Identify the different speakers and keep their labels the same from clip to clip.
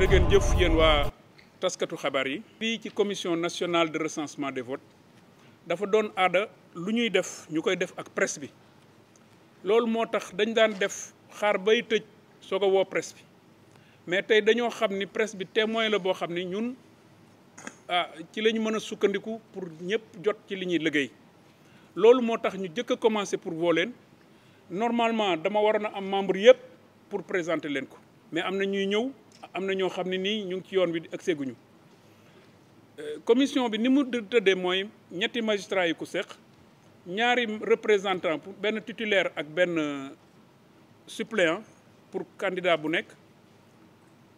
Speaker 1: jërë ngeen jëf yéen waa taskatu xabaar yi. fii ci commission nationale de recensement de votes dafa doon aada lu ñuy def ñu koy def ak presse bi loolu moo tax dañ daan def xaar bay tëj soog a woo presse bi mais tey dañoo xam ni presse bi témoin la boo xam ni ñun ah ci la ñu mën a sukkandiku pour ñëpp jot ci li ñuy liggéey loolu moo tax ñu jëkk a commencé pour woo leen normalement dama waroon a am membre yëpp pour présenter leen ko mais am na ñuy ñëw. am na ñoo xam ne nii ñu ngi ci yoon wi bi ak seguñu euh, commission bi ni mu tëddee mooy ñetti magistrat yi ku seq ñaari représentant pour benn titulaire ak benn euh, suppléant pour candidat bu nekk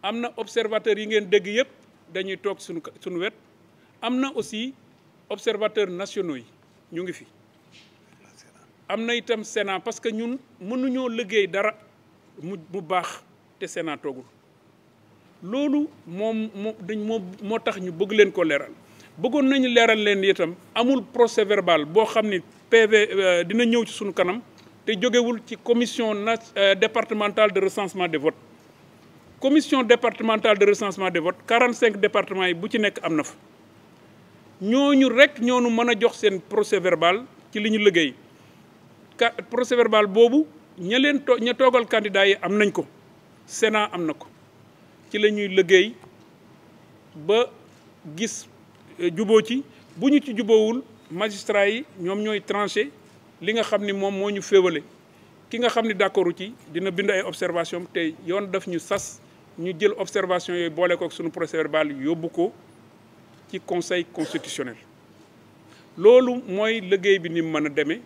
Speaker 1: am na observateur yi ngeen dégg yëpp dañuy toog suñu suñu wet am na aussi observateur nationaux yi ñu ngi fi am na itam Sénat parce que ñun mënuñoo liggéey dara mu bu baax te Sénat toogul loolu moom moo dañ moo moo tax ñu bëgg leen ko leeral bëggoon nañu leeral leen itam amul procès verbal boo xam ni PV euh, dina ñëw ci suñu kanam te jógewul ci commission na euh, départementale de recensement des votes commission départementale de recensement des votes 45 départements yi bu ci nekk am na fa ñooñu rek nu mën a jox seen procès verbal ci li ñu liggéey procès verbal boobu ña leen to ña toogal candidat yi am nañ ko Sénat am na ko ci la ñuy liggéey ba gis euh, jubo ci bu ñu ci jubowul magistrat yi ñoom ñooy tranché li nga xam ni moom moo ñu féewale ki nga xam ni d'accord ci dina bind ay observation te yoon def ñu sas ñu jël observation yooyu boole ko ak suñu procès verbal yóbbu ko ci conseil constitutionnel loolu mooy liggéey bi ni mu mën a demee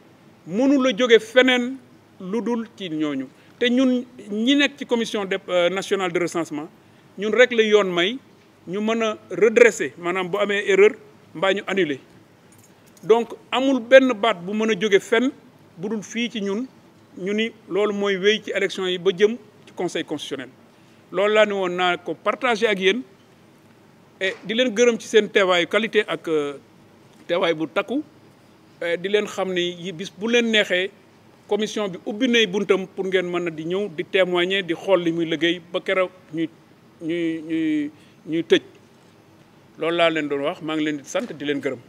Speaker 1: mënu la jóge feneen lu dul ci ñooñu te ñun ñi nekk ci commission euh, national de recensement ñun rek la yoon may ñu mën a redressé maanaam bu amee erreur mbaa ñu annuler donc amul benn baat bu mën a jóge fenn bu dul fii ci ñun ñu ni loolu mooy wéy ci élection yi ba jëm ci conseil constitutionnel loolu laa ne woon naa ko partage ak yéen di leen gërëm ci seen teewaayu qualité ak euh, teewaay bu takku di leen xam ni yi bis bu leen neexee commission bi ubbi nay buntam pour ngeen mën a di ñëw di témoigner di xool li muy liggéey ba keroog ñuy ñuy ñuy ñuy tëj loolu laa leen doon wax maa ngi leen di sant di leen gërëm.